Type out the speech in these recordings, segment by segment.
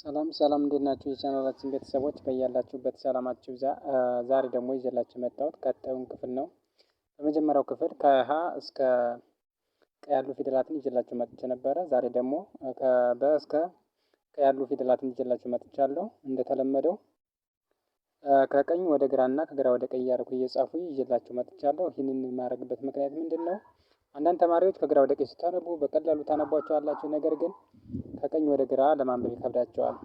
ሰላም ሰላም እንዴት ናችሁ? የቻናላችን ቤተሰቦች በያላችሁበት ሰላማችሁ። ዛሬ ደግሞ ይዤላችሁ መጣሁት ቀጣዩን ክፍል ነው። በመጀመሪያው ክፍል ከሀ እስከ ቀ ያሉ ፊደላትን ይዤላችሁ መጥቼ ነበረ። ዛሬ ደግሞ ከበ እስከ ቀ ያሉ ፊደላትን ይዤላችሁ መጥቻለሁ። እንደተለመደው ከቀኝ ወደ ግራና ከግራ ወደ ቀኝ ያደርኩ እየጻፉ ይዤላችሁ መጥቻለሁ። ይህንን የማደርግበት ምክንያት ምንድን ነው? አንዳንድ ተማሪዎች ከግራ ወደ ቀኝ ስታነቡ በቀላሉ ታነቧቸዋላችሁ። ነገር ግን ከቀኝ ወደ ግራ ለማንበብ ይከብዳቸዋል።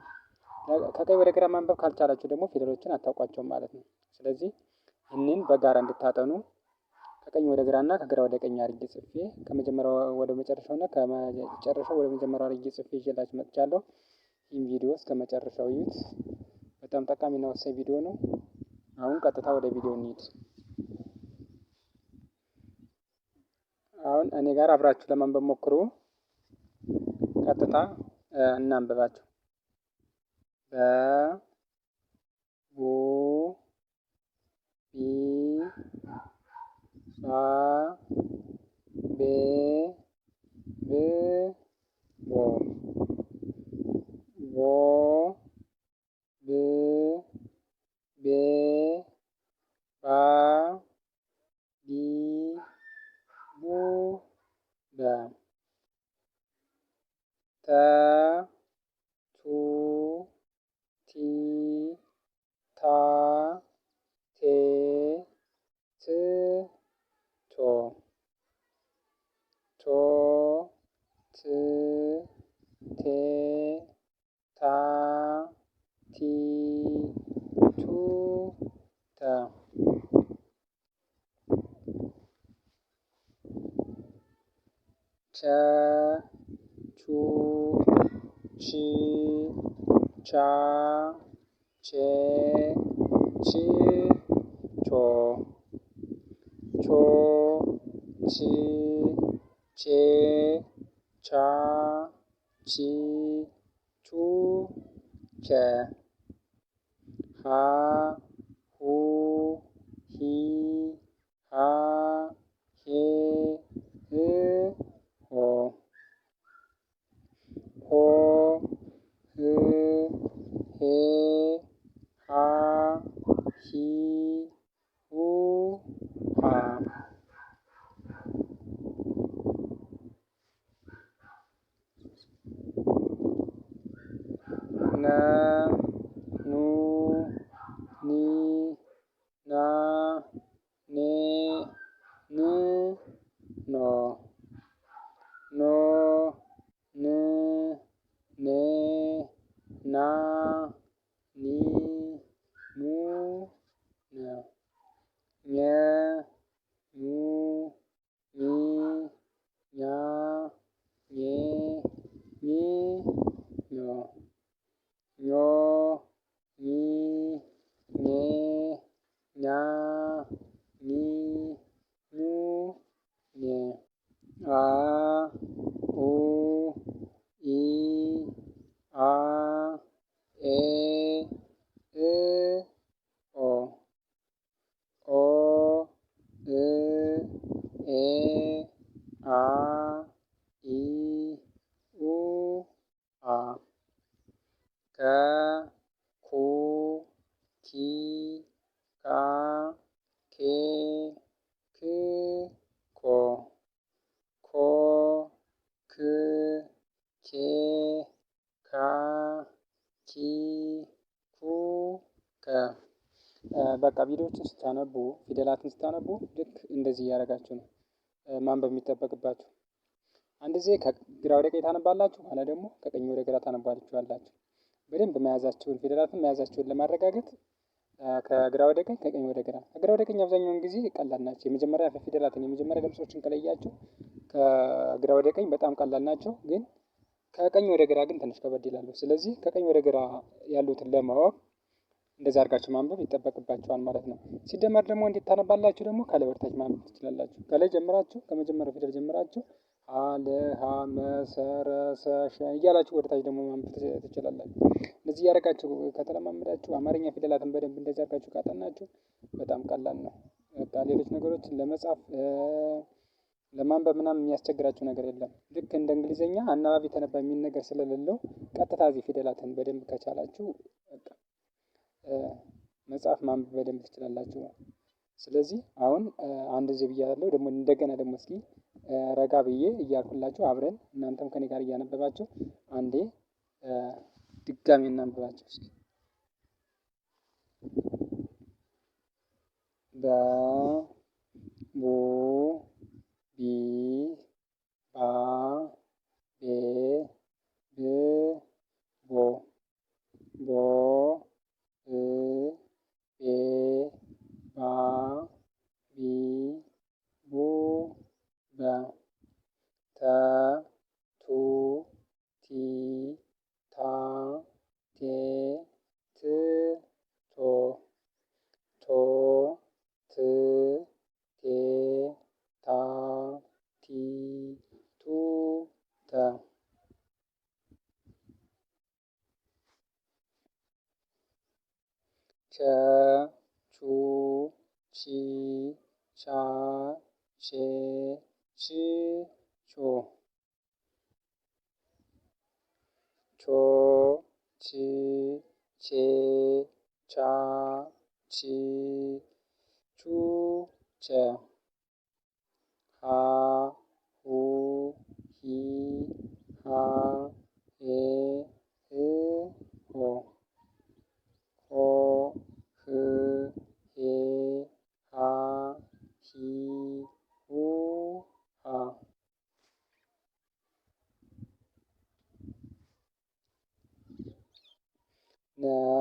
ከቀኝ ወደ ግራ ማንበብ ካልቻላችሁ ደግሞ ፊደሎችን አታውቋቸውም ማለት ነው። ስለዚህ ይህንን በጋራ እንድታጠኑ ከቀኝ ወደ ግራ እና ከግራ ወደ ቀኝ አድርጌ ጽፌ ከመጀመሪያው ወደ መጨረሻው እና ከመጨረሻው ወደ መጀመሪያው አድርጌ ጽፌ ይዤላችሁ መጥቻለሁ። ይህም ቪዲዮ እስከ መጨረሻው ይዩት። በጣም ጠቃሚና ወሳኝ ቪዲዮ ነው። አሁን ቀጥታ ወደ ቪዲዮ እንሂድ። እኔ ጋር አብራችሁ ለማንበብ ሞክሩ። ቀጥታ እናንብባቸው። በ ቡ ቢ ሳ ቤ ቱ ቲ ታ ቴ ት ቶ ቶ ት ቴ ታ ቲ ቱ ተ ቸ ቻ ቼ ቺ ቾ ቾ ቺ ቼ ቻ ቺ ቹ ቸ ሀ no, no, ne, ne, na. በቃ ቪዲዮዎችን ስታነቡ ፊደላትን ስታነቡ ልክ እንደዚህ እያደረጋችሁ ነው ማንበብ የሚጠበቅባችሁ። አንድ ጊዜ ከግራ ወደ ቀኝ ታነባላችሁ፣ ኋላ ደግሞ ከቀኝ ወደ ግራ ታነባላችኋላችሁ። በደንብ መያዛችሁን ፊደላትን መያዛችሁን ለማረጋገጥ ከግራ ወደ ቀኝ፣ ከቀኝ ወደ ግራ፣ ከግራ ወደ ቀኝ አብዛኛውን ጊዜ ቀላል ናቸው። የመጀመሪያ ፊደላትን የመጀመሪያ ድምፆችን ከለያችሁ ከግራ ወደ ቀኝ በጣም ቀላል ናቸው ግን ከቀኝ ወደ ግራ ግን ትንሽ ከበድ ይላሉ። ስለዚህ ከቀኝ ወደ ግራ ያሉትን ለማወቅ እንደዚህ አድርጋችሁ ማንበብ ይጠበቅባችኋል ማለት ነው። ሲደመር ደግሞ እንዴት ታነባላችሁ? ደግሞ ከላይ ወደታች ማንበብ ትችላላችሁ። ከላይ ጀምራችሁ ከመጀመሪያው ፊደል ጀምራችሁ አለሃ መሰረሰ እያላችሁ ወደታች ደግሞ ማንበብ ትችላላችሁ። እንደዚህ እያደረጋችሁ ከተለማመዳችሁ አማርኛ ፊደላትን በደንብ እንደዚህ አድርጋችሁ ካጠናችሁ በጣም ቀላል ነው። በቃ ሌሎች ነገሮችን ለመጻፍ ለማንበብ ምናምን የሚያስቸግራችሁ ነገር የለም። ልክ እንደ እንግሊዝኛ አናባቢ ተነባ የሚል ነገር ስለሌለው ቀጥታ እዚህ ፊደላትን በደንብ ከቻላችሁ መጽሐፍ ማንበብ በደንብ ትችላላችሁ። ስለዚህ አሁን አንድ ዜ ብያለሁ። ደግሞ እንደገና ደግሞ እስኪ ረጋ ብዬ እያልኩላችሁ አብረን እናንተም ከኔ ጋር እያነበባችሁ አንዴ ድጋሚ እናንብባችሁ እስኪ በ ቦ ቢ ባ ቤ ብ ቦ ሻ ሼ ሽ ቾ ቾ ቺ ቼ ቻ ቺ ቹ ቸ No.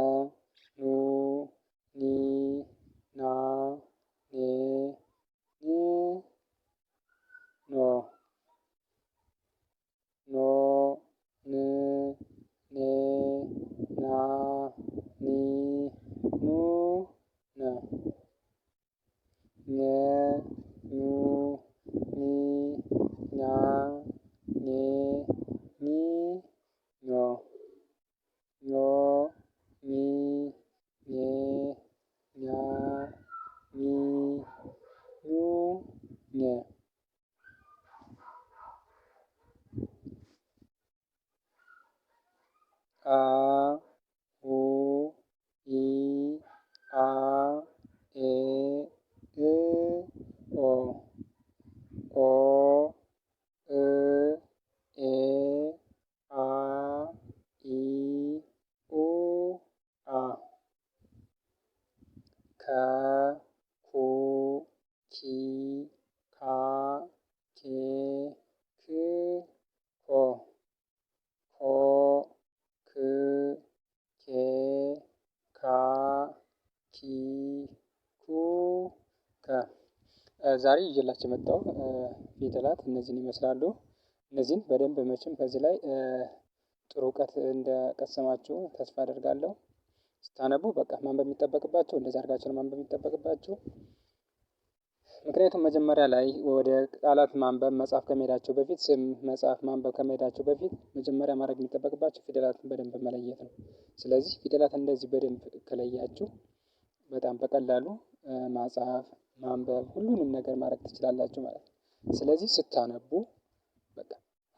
ኪ ካ ኬ ክ ኮ ኮ ክ ኬ ካ ኪ ኩ ከ ዛሬ ይዤላችሁ የመጣው ፊደላት እነዚህን ይመስላሉ። እነዚህን በደንብ መቼም ከዚህ ላይ ጥሩ እውቀት እንደቀሰማችሁ ተስፋ አደርጋለሁ። ስታነቡ በቃ ማንበብ የሚጠበቅባችሁ እንደዚህ አድርጋችሁ ማንበብ የሚጠበቅባችሁ ምክንያቱም መጀመሪያ ላይ ወደ ቃላት ማንበብ መጽሐፍ ከመሄዳቸው በፊት ስም መጽሐፍ ማንበብ ከመሄዳቸው በፊት መጀመሪያ ማድረግ የሚጠበቅባቸው ፊደላትን በደንብ መለየት ነው። ስለዚህ ፊደላት እንደዚህ በደንብ ከለያችሁ በጣም በቀላሉ መጽሐፍ ማንበብ ሁሉንም ነገር ማድረግ ትችላላችሁ ማለት ነው። ስለዚህ ስታነቡ በቃ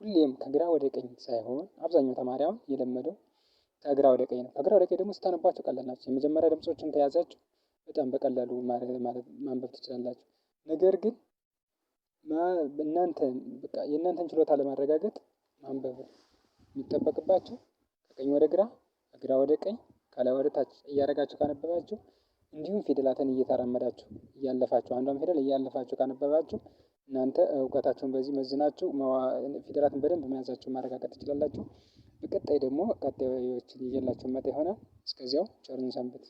ሁሌም ከግራ ወደ ቀኝ ሳይሆን አብዛኛው ተማሪ አሁን የለመደው ከግራ ወደ ቀኝ ነው። ከግራ ወደ ቀኝ ደግሞ ስታነቧቸው ቀላል ናቸው። የመጀመሪያ ድምፆችን ከያዛችሁ በጣም በቀላሉ ማንበብ ትችላላችሁ። ነገር ግን እናንተን በቃ የእናንተን ችሎታ ለማረጋገጥ ማንበብ የሚጠበቅባችሁ ከቀኝ ወደ ግራ ከግራ ወደ ቀኝ ከላይ ወደ ታች እያደረጋችሁ ካነበባችሁ እንዲሁም ፊደላትን እየተራመዳችሁ እያለፋችሁ አንዷን ፊደል እያለፋችሁ ካነበባችሁ እናንተ እውቀታችሁን በዚህ መዝናችሁ ፊደላትን በደንብ መያዛችሁ ማረጋገጥ ትችላላችሁ። በቀጣይ ደግሞ ቀጣዮችን እየላችሁ መጣ ይሆናል። እስከዚያው ቸርን ሰንብት።